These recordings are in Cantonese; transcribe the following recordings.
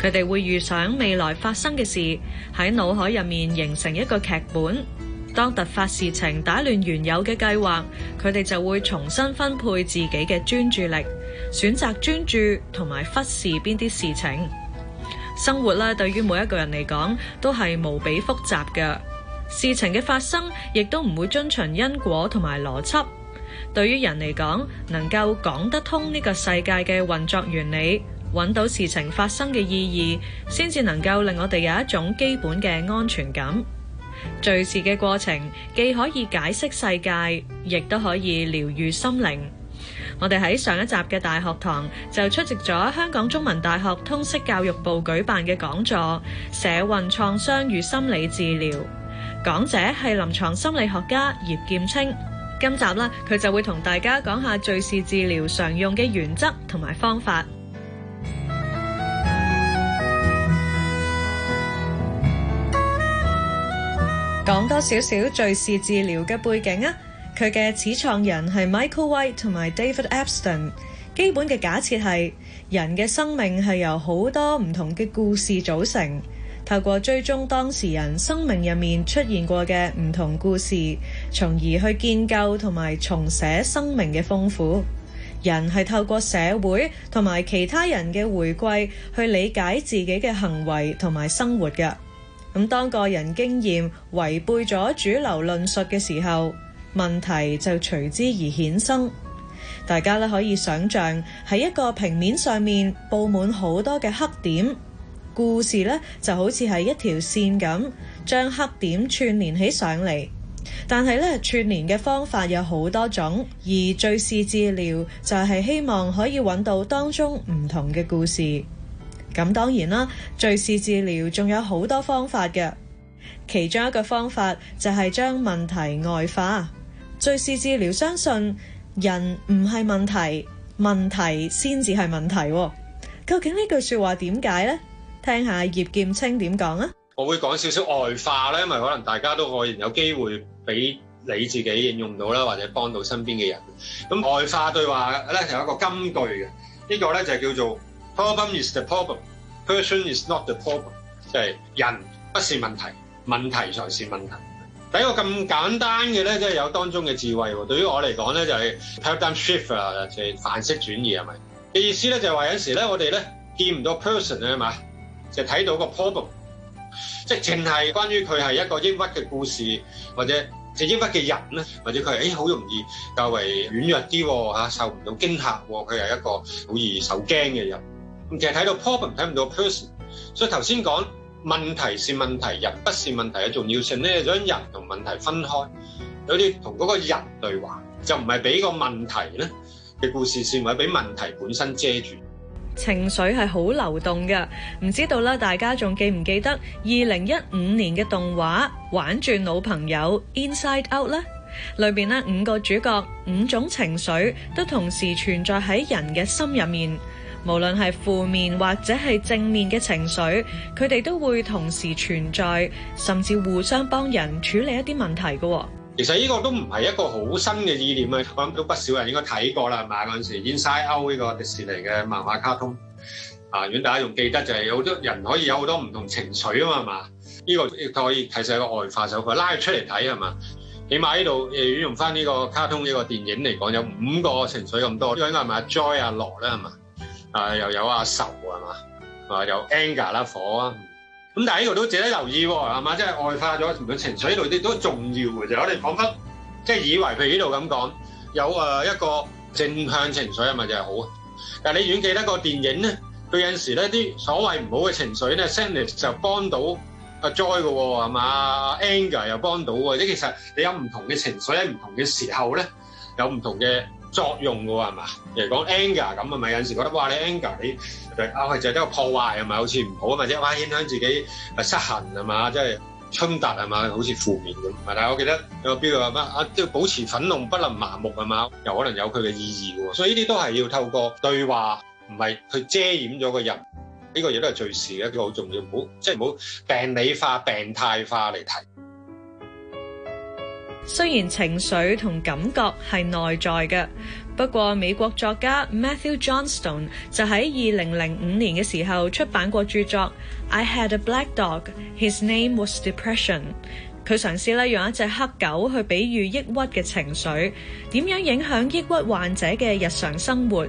佢哋會預想未來發生嘅事，喺腦海入面形成一個劇本。當突發事情打亂原有嘅計劃，佢哋就會重新分配自己嘅專注力，選擇專注同埋忽視邊啲事情。生活咧，對於每一個人嚟講，都係無比複雜嘅。事情嘅發生亦都唔會遵循因果同埋邏輯。對於人嚟講，能夠講得通呢個世界嘅運作原理，揾到事情發生嘅意義，先至能夠令我哋有一種基本嘅安全感。敘事嘅過程既可以解釋世界，亦都可以療癒心靈。我哋喺上一集嘅大學堂就出席咗香港中文大學通識教育部舉辦嘅講座《社運創傷與心理治療》。講者係臨牀心理學家葉劍青。今集呢，佢就會同大家講下敘事治療常用嘅原則同埋方法。講多少少敘事治療嘅背景啊，佢嘅始創人係 Michael White 同埋 David Epstein。基本嘅假設係，人嘅生命係由好多唔同嘅故事組成。透過追蹤當事人生命入面出現過嘅唔同故事，從而去建構同埋重寫生命嘅豐富。人係透過社會同埋其他人嘅回饋，去理解自己嘅行為同埋生活嘅。咁當個人經驗違背咗主流論述嘅時候，問題就隨之而衍生。大家咧可以想象喺一個平面上面布滿好多嘅黑點，故事咧就好似係一條線咁，將黑點串聯起上嚟。但係咧，串聯嘅方法有好多種，而敘事治療就係希望可以揾到當中唔同嘅故事。咁當然啦，敘事治療仲有好多方法嘅，其中一個方法就係將問題外化。敘事治療相信人唔係問題，問題先至係問題。究竟呢句説話點解咧？聽下葉劍青點講啊！我會講少少外化咧，因為可能大家都可以有機會俾你自己應用到啦，或者幫到身邊嘅人。咁外化對話咧有一個金句嘅，呢個咧就係叫做。Problem is the problem, person is not the problem。即係人不是問題，問題才是問題。第一個咁簡單嘅咧，即係有當中嘅智慧。對於我嚟講咧，就係、是、paradigm shift 啊，即係範式轉移係咪嘅意思咧？就係話有時咧，我哋咧見唔到 person 啊嘛，就睇到個 problem，即係淨係關於佢係一個抑鬱嘅故事，或者係抑鬱嘅人咧，或者佢誒好容易較為軟弱啲吓，受唔到驚嚇，佢係一個好易受驚嘅人。其實睇到 problem 睇唔到 person，所以頭先講問題是問題，人不是問題嘅重要性咧，將人同問題分開，有啲同嗰個人對話，就唔係俾個問題咧嘅故事，是唔係俾問題本身遮住。情緒係好流動嘅，唔知道啦，大家仲記唔記得二零一五年嘅動畫《玩轉老朋友 Inside Out》咧？裏邊咧五個主角，五種情緒都同時存在喺人嘅心入面。無論係負面或者係正面嘅情緒，佢哋都會同時存在，甚至互相幫人處理一啲問題嘅、哦。其實呢個都唔係一個好新嘅意念啊！我諗都不少人應該睇過啦，係嘛嗰陣時《Inside Out》呢個迪士尼嘅漫畫卡通啊，遠大家仲記得就係好多人可以有好多唔同情緒啊嘛，係嘛？呢、這個亦都可以睇成一個外化手法，拉佢出嚟睇係嘛？起碼呢度遠用翻呢個卡通呢個電影嚟講，有五個情緒咁多，呢個應該係咪啊 joy 啊樂啦係嘛？啊，又有阿愁係嘛？啊，有 anger 啦，火啊！咁但係呢度都值得留意喎，係嘛？即係外化咗唔同情緒呢度啲都重要嘅。就我哋講返即係以為，佢呢度咁講，有誒一個正向情緒係咪就係好啊？但係你永遠記得個電影咧，佢有時咧啲所謂唔好嘅情緒咧 Sadness 就幫到阿 Joy 嘅喎，係嘛？anger 又幫到喎，即係其實你有唔同嘅情緒喺唔同嘅時候咧，有唔同嘅。作用喎係嘛？例如講 anger 咁啊，咪有陣時覺得哇，你 anger 你啊，就係個破壞係咪？好似唔好啊，或者哇，影響自己失衡係嘛？即係衝突係嘛？好似負面咁。但係我記得有邊個話乜啊？即要保持憤怒不能麻木係嘛？又可能有佢嘅意義喎。所以呢啲都係要透過對話，唔係去遮掩咗、個人呢、個嘢都係敘事嘅，個好重要。唔好即係唔好病理化、病態化嚟睇。雖然情緒同感覺係內在嘅，不過美國作家 Matthew Johnstone 就喺二零零五年嘅時候出版過著作《I had a black dog, his name was depression》。佢嘗試咧用一隻黑狗去比喻抑鬱嘅情緒，點樣影響抑鬱患者嘅日常生活。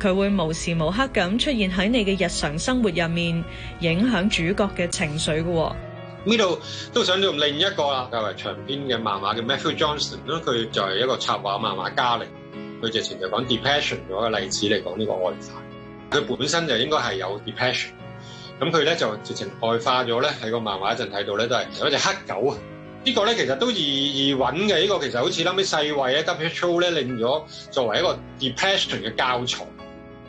佢會無時無刻咁出現喺你嘅日常生活入面，影響主角嘅情緒嘅。呢度都想到另一個啦，較為長篇嘅漫畫嘅 Matthew Johnson 佢就係一個插畫漫畫家嚟。佢直情就講 depression 嘅個例子嚟講呢個愛化佢本身就應該係有 depression 咁佢咧就直情外化咗咧喺個漫畫一陣睇到咧都係有一隻黑狗啊！呢、呢個咧其實都易易揾嘅呢個其實好似諗啱世衛咧 W H O 咧令咗作為一個 depression 嘅教材。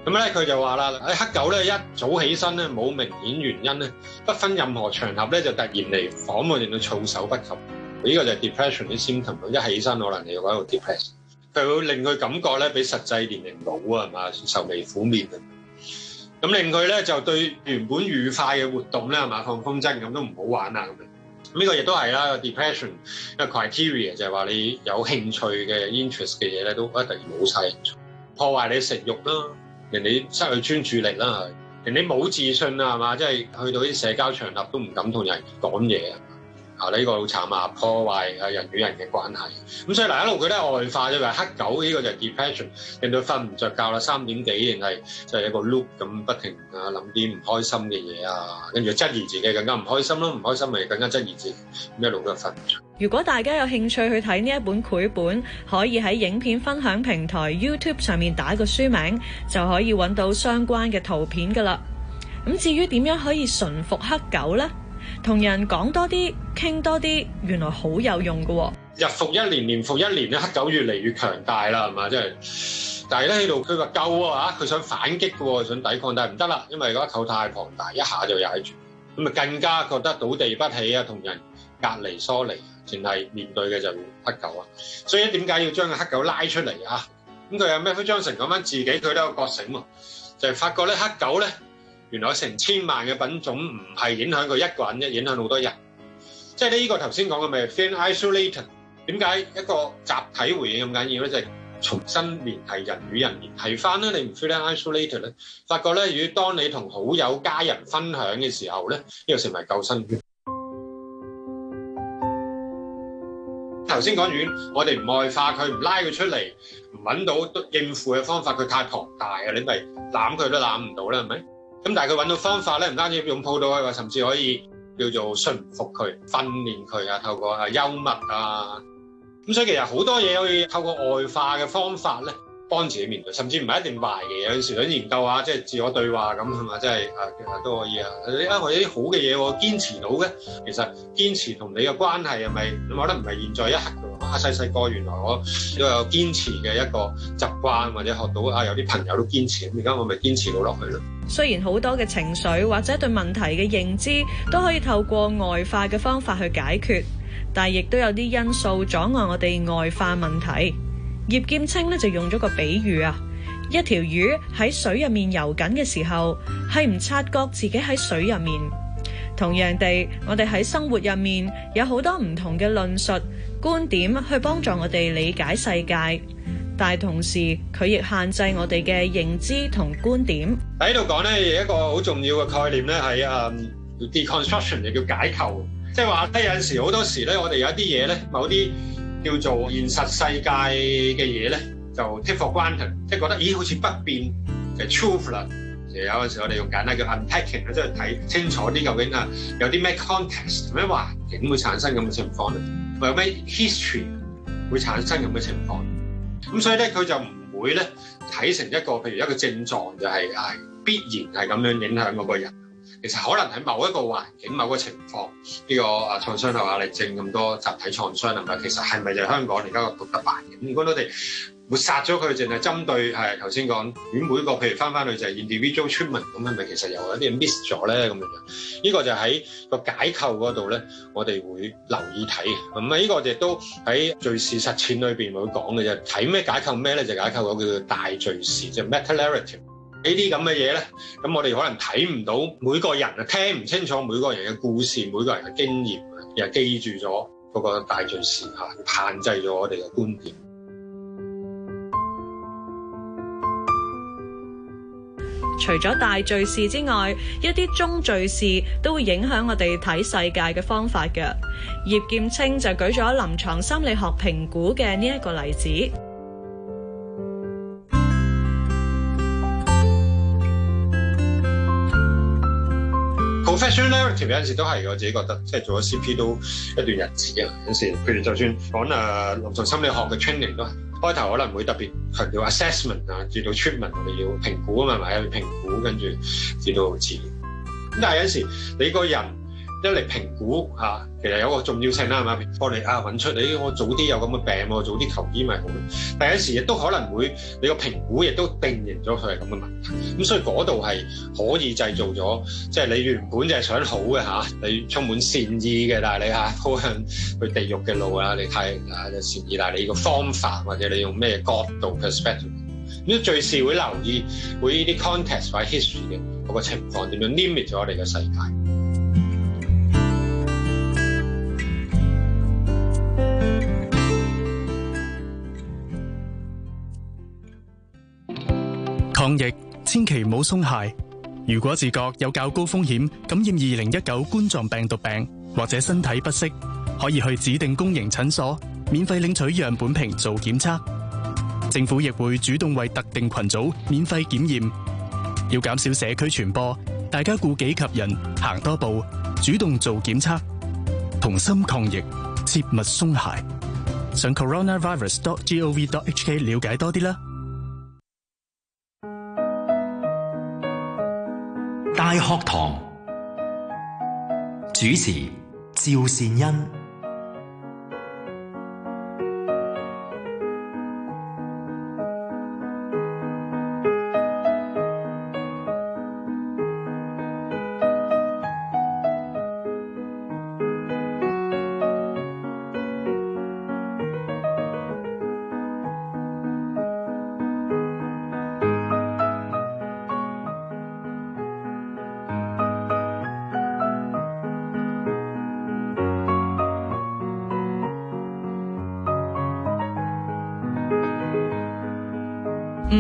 咁咧佢就話啦，黑狗咧一早起身咧冇明顯原因咧，不分任何場合咧就突然嚟訪問，令到措手不及。呢、呢個就係 depression 啲 symptom 咯。一起身可能你要喺度 depression。佢會令佢感覺咧比實際年齡老啊，係嘛，愁眉苦面咁。咁令佢咧就對原本愉快嘅活動咧，係嘛，放風箏咁都唔好玩啊。咁樣呢個亦都係啦，depression 嘅 criteria 就係話你有興趣嘅 interest 嘅嘢咧都一突然冇晒，破壞你食慾囉。」人哋失去專注力啦，人哋冇自信啊，係嘛？即係、就是、去到啲社交場合都唔敢同人講嘢啊！啊！呢個好慘啊，破壞啊人與人嘅關係。咁所以嗱一路佢咧外化咗，就係黑狗呢個就係 depression，令到瞓唔著覺啦，三點幾，定係就係一個 loop 咁，不停啊諗啲唔開心嘅嘢啊，跟住又質疑自己，更加唔開心咯，唔開心咪更加質疑自己，一路都瞓唔著。如果大家有興趣去睇呢一本繪本，可以喺影片分享平台 YouTube 上面打個書名，就可以揾到相關嘅圖片㗎啦。咁至於點樣可以馴服黑狗咧？同人講多啲，傾多啲，原來好有用噶。日復一年，年復一年咧，黑狗越嚟越強大啦，係嘛？真係。但係咧喺度，佢話夠啊，吓，佢想反擊嘅，想抵抗，但係唔得啦，因為嗰個狗太龐大，一下就踩住。咁啊，更加覺得倒地不起啊，同人隔離疏離，淨係面對嘅就黑狗啊。所以點解要將個黑狗拉出嚟啊？咁佢阿麥福張成講翻自己，佢都有覺醒，就係發覺咧黑狗咧。原來成千萬嘅品種唔係影響佢一個人啫，影響好多人。即係呢？呢個頭先講嘅咪 feel isolated。點解一個集體回應咁緊要咧？就係重新聯繫人與人聯繫返啦。你唔 feel isolated 咧，發覺咧，如果當你同好友、家人分享嘅時候咧，呢、這個成為救生圈。頭先講完，我哋唔外化佢，唔拉佢出嚟，唔揾到應付嘅方法，佢太龐大啊！你咪攬佢都攬唔到啦，係咪？咁但係佢揾到方法呢，唔單止擁抱到啊，甚至可以叫做説服佢、訓練佢啊，透過幽默啊，咁所以其實好多嘢可以透過外化嘅方法呢。幫自己面對，甚至唔係一定壞嘅嘢。有陣時想研究下，即係自我對話咁係咪？真係啊，其實都可以啊。你啊，或者啲好嘅嘢，我堅持到嘅，其實堅持同你嘅關係係咪？我覺得唔係現在一刻嘅。哇，細細個原來我都有堅持嘅一個習慣，或者學到啊，有啲朋友都堅持，而家我咪堅持到落去咯。雖然好多嘅情緒或者對問題嘅認知都可以透過外化嘅方法去解決，但係亦都有啲因素阻礙我哋外化問題。葉劍青咧就用咗個比喻啊，一條魚喺水入面游緊嘅時候係唔察覺自己喺水入面。同樣地，我哋喺生活入面有好多唔同嘅論述觀點去幫助我哋理解世界，但係同時佢亦限制我哋嘅認知同觀點。喺度講咧一個好重要嘅概念咧係啊、um, deconstruction 又叫解構，即係話咧有陣時好多時咧我哋有啲嘢，咧某啲。叫做現實世界嘅嘢咧，就 take for granted，即係覺得咦好似不變就係、truth 啦。其實有陣時候我哋用簡單叫 unpacking 咧，即係睇清楚啲究竟啊有啲咩 context，咩環境會產生咁嘅情況咧，有咩 history 會產生咁嘅情況。咁所以咧佢就唔會咧睇成一個譬如一個症狀、就係，就、哎、係必然係咁樣影響嗰個人。其實可能喺某一個環境、某個情況，呢、這個啊創傷後壓力症咁多集體創傷，係咪其實係咪就香港而家個獨特版嘅？咁如果我哋抹殺咗佢，淨係針對係頭先講，每每個譬如翻翻去就係 individual treatment 咁，係咪其實又有一啲 miss 咗咧？咁樣樣，呢、這個就喺個解構嗰度咧，我哋會留意睇。咁啊，呢個我哋都喺敘事實踐裏邊會講嘅就係睇咩解構咩咧，就解、是、構個叫做大敘事即係 metanarrative。呢啲咁嘅嘢咧，咁我哋可能睇唔到，每個人啊聽唔清楚每個人嘅故事，每個人嘅經驗，又記住咗嗰個大敘事嚇，限制咗我哋嘅觀點。除咗大敘事之外，一啲中敘事都會影響我哋睇世界嘅方法嘅。葉劍青就舉咗臨床心理學評估嘅呢一個例子。profession narrative 有陣時都係我自己覺得，即係做咗 CP 都一段日子啊，有陣時。譬如就算講啊臨床心理學嘅 training 咯，開頭可能會特別強調 assessment 啊，至到 treatment 我哋要評估啊嘛，係咪啊？評估跟住至到治。咁但係有陣時你個人。一嚟評估嚇、啊，其實有個重要性啦，係、啊、嘛？幫你啊揾出你，我早啲有咁嘅病，我早啲求醫咪好，但有時亦都可能會你個評估亦都定型咗佢係咁嘅問題。咁所以嗰度係可以製造咗，即、就、係、是、你原本就係想好嘅，你充滿善意嘅，但你嚇鋪向去地獄嘅路啊！你太啊，善意，但係你個方法或者你用咩角度 perspective，咁最少會留意會呢啲 context 或者 history 嘅嗰個情況點樣 limit 咗我哋嘅世界。抗疫千祈唔好鬆懈。如果自覺有較高風險感染2019冠狀病毒病，或者身體不適，可以去指定公營診所免費領取樣本瓶做檢測。政府亦會主動為特定群組免費檢驗。要減少社區傳播，大家顧己及人，行多步，主動做檢測，同心抗疫，切勿鬆懈。上 coronavirus.gov.hk 了解多啲啦。大學堂主持：趙善恩。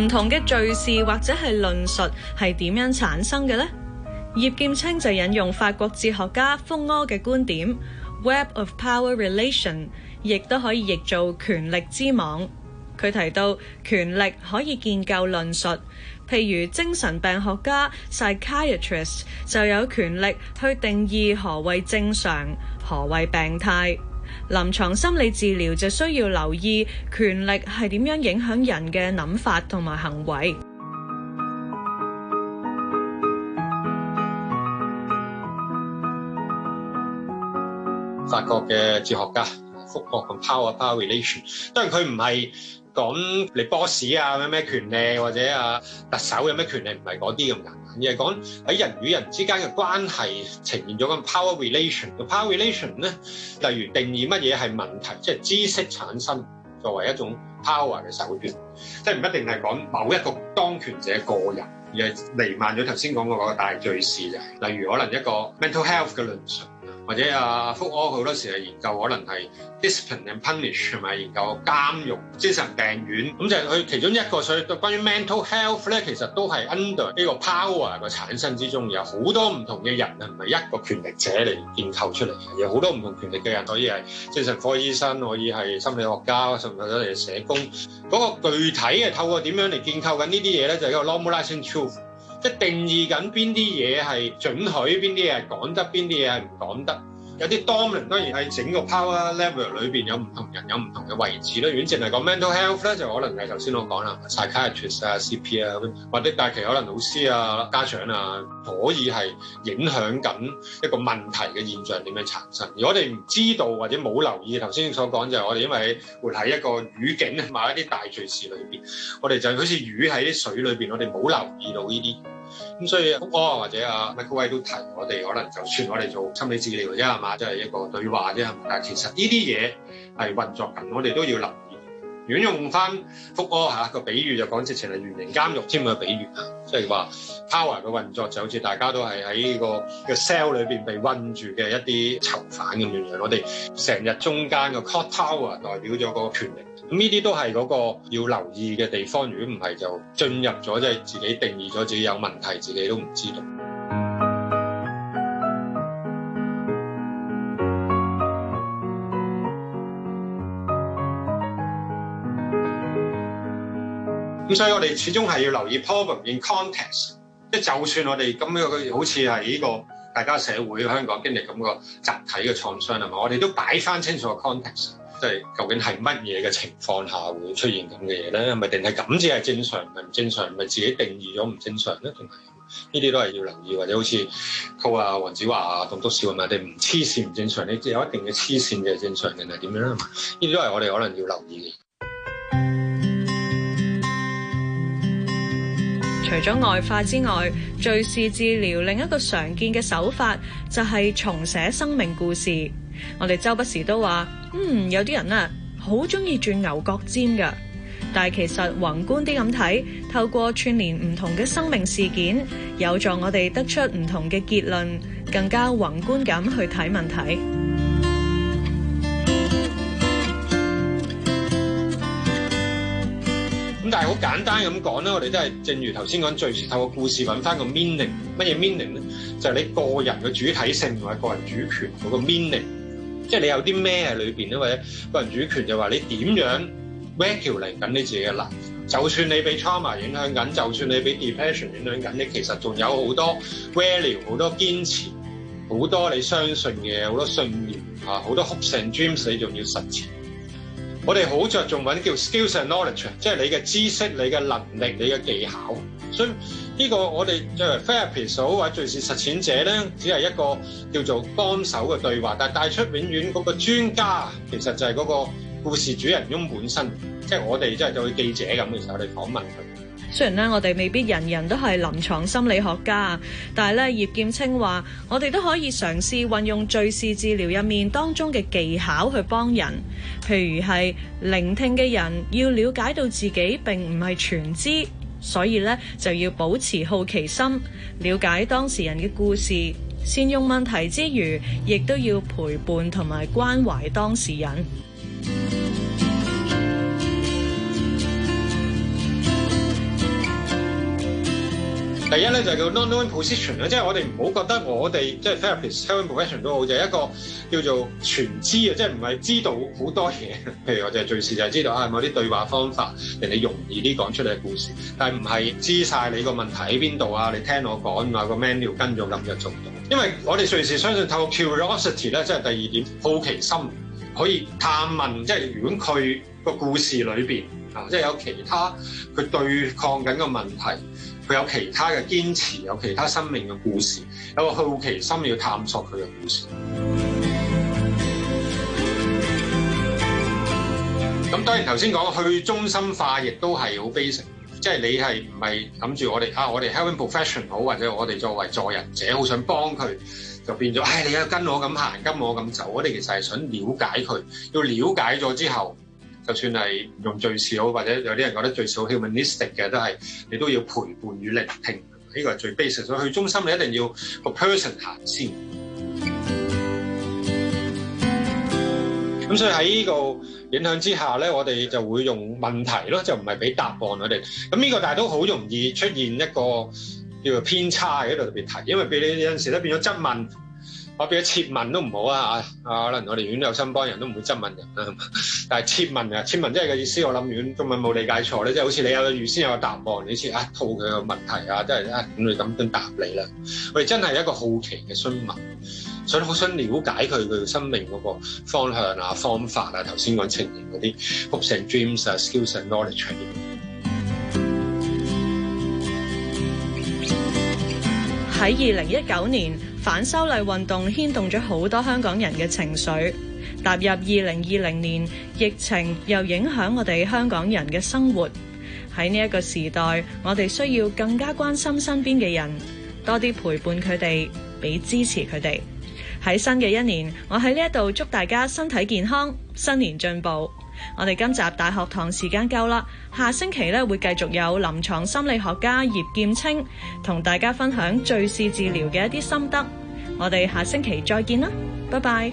不同嘅敘事或者係論述係點樣產生嘅呢？葉劍青就引用法國哲學家福柯嘅觀點，web of power relation 亦都可以譯做權力之網。佢提到權力可以建構論述，譬如精神病學家 psychiatrist 就有權力去定義何謂正常，何謂病態。臨床心理治療就需要留意權力係點樣影響人嘅諗法同埋行為。法國嘅哲學家福柯同 power power relation，當然佢唔係。講嚟，boss 啊，有咩權力？或者啊特首有咩權力？唔係嗰啲咁噶，而係講喺人與人之間嘅關係呈現咗個 power relation。個 power relation 咧，例如定義乜嘢係問題，即係知識產生作為一種 power 嘅手段，即係唔一定係講某一個當權者個人，而係瀰漫咗頭先講過嗰個大敘事嘅。例如可能一個 mental health 嘅論述。或者阿福柯好多時係研究可能係 discipline and punish 同埋研究監獄、精神病院，咁就係佢其中一個。所以關於 mental health 咧，其實都係 under 呢個 power 嘅產生之中，有好多唔同嘅人啊，唔係一個權力者嚟建構出嚟嘅，有好多唔同權力嘅人可以係精神科醫生，可以係心理學家，甚至係社工。嗰、那個具體嘅透過點樣嚟建構緊呢啲嘢咧，就係一個 normalizing truth 即係定義緊邊啲嘢係准許，邊啲嘢係講得，邊啲嘢係唔講得。有啲 dominant 當然係整個 power level 裏面有唔同人有唔同嘅位置啦。完全係講 mental health 咧，就可能係頭先我講啦，psychiatrist 啊、CP 啊，或者但係其可能老師啊、家長啊，可以係影響緊一個問題嘅現象點樣產生。而我哋唔知道或者冇留意頭先所講，就係我哋因為活喺一個語境啊，某一啲大敘事裏面，我哋就好似魚喺啲水裏面，我哋冇留意到呢啲。咁所以福柯或者阿 Michael Way 都提我，我哋可能就算我哋做心理治療啫係嘛，即係、就是、一個對話啫係嘛。但係其實呢啲嘢係運作緊，我哋都要留意。如果用翻福柯吓個比喻就講直情係圓形監獄添嘅比喻啊，即係話 power 嘅運作就好似大家都係喺呢個個 cell 裏邊被韞住嘅一啲囚犯咁樣樣。我哋成日中間個 control tower 代表咗個權力。咁呢啲都係嗰個要留意嘅地方，如果唔係就進入咗，即係自己定義咗自己有問題，自己都唔知道。咁 所以我哋始終係要留意 problem in context，即係就算我哋咁樣好似係呢個大家社會香港經歷咁個集體嘅創傷係嘛，我哋都擺翻清楚個 context。即係究竟係乜嘢嘅情況下會出現咁嘅嘢咧？係咪定係咁先係正常？唔係唔正常？咪自己定義咗唔正常咧？定係呢啲都係要留意，或者好似套啊黃子華啊棟篤笑啊，你唔黐綫唔正常，你有一定嘅黐綫嘅正常定係點樣咧？嘛呢啲都係我哋可能要留意的。嘅。除咗外化之外，敘事治療另一個常見嘅手法，就係、是、重寫生命故事。我哋周不時都話，嗯，有啲人啊，好中意鑽牛角尖噶，但係其實宏觀啲咁睇，透過串聯唔同嘅生命事件，有助我哋得出唔同嘅結論，更加宏觀咁去睇問題。咁但係好簡單咁講咧，我哋都係正如頭先講，最初透過故事揾翻個 meaning，乜嘢 meaning 咧，就係你個人嘅主體性同埋個人主權嗰個 meaning。即係你有啲咩喺裏面咧，或者個人主權就話你點樣 value 嚟緊你自己喇。就算你俾 trauma 影響緊，就算你俾 depression 影響緊，你其實仲有好多 value，好多堅持，好多你相信嘅，好多信念，好多 hopes and dreams，你仲要實踐。我哋好着重揾叫 skills and knowledge，即係你嘅知識、你嘅能力、你嘅技巧。所以呢個我哋作為 therapist，或者敘事實踐者咧，只係一個叫做幫手嘅對話。但係帶出永遠嗰個專家，其實就係嗰個故事主人翁本身，即係 我哋即係做記者咁嘅時候，我哋訪問佢。雖然咧，我哋未必人人都係臨床心理學家，但係咧葉劍青話，我哋都可以嘗試運用敘事治療入面當中嘅技巧去幫人，譬如係聆聽嘅人要了解到自己並唔係全知，所以咧就要保持好奇心，了解當事人嘅故事，善用問題之餘，亦都要陪伴同埋關懷當事人。第一咧就叫 non-knowing position 即係我哋唔好覺得我哋即係 therapist、t e e l i n g profession 都好，就係、是、一個叫做全知啊，即係唔係知道好多嘢。譬如我哋最時就係知道啊，某啲對話方法令你容易啲講出嚟故事，但係唔係知晒你個問題喺邊度啊，你聽我講啊，那個 manual 跟咗咁嘅做唔到。因為我哋隨時相信透過 curiosity 咧，即係第二點好奇心可以探問，即係如果佢個故事裏面，啊，即係有其他佢對抗緊嘅問題。佢有其他嘅堅持，有其他生命嘅故事，有個好奇心要探索佢嘅故事。咁 當然頭先講去中心化亦都係好 basic，即係你係唔係諗住我哋啊？我哋 helping professional 好，或者我哋作為助人者好想幫佢，就變咗唉、哎，你又跟我咁行，跟我咁走。我哋其實係想了解佢，要了解咗之後。就算係用最少，或者有啲人覺得最少 humanistic 嘅，都係你都要陪伴與聆聽，呢個係最 basic。所以去中心你一定要個 person 行先走。咁 所以喺呢個影響之下咧，我哋就會用問題咯，就唔係俾答案我哋。咁呢個但係都好容易出現一個叫做偏差，喺度特別提，因為俾你有陣時都變咗質問。我俾咗切問都唔好啊！啊，可能我哋院有新幫人都唔會質問人啦。但係切問啊，切問即係個意思。我諗院中文冇理解錯咧，即係好似你有預先有個答案，你先啊套佢個問題啊，即係啊咁你咁樣答你啦。我哋真係一個好奇嘅詢問，想好想了解佢佢生命嗰個方向啊、方法啊。頭先講情形嗰啲，hopes and dreams 啊，skills and knowledge 喺二零一九年，反修例運動牽動咗好多香港人嘅情緒，踏入二零二零年，疫情又影響我哋香港人嘅生活。喺呢一個時代，我哋需要更加關心身邊嘅人，多啲陪伴佢哋，俾支持佢哋。喺新嘅一年，我喺呢一度祝大家身體健康，新年進步。我哋今集大學堂時間夠啦，下星期呢，會繼續有臨床心理學家葉劍青同大家分享敘事治療嘅一啲心得，我哋下星期再見啦，拜拜。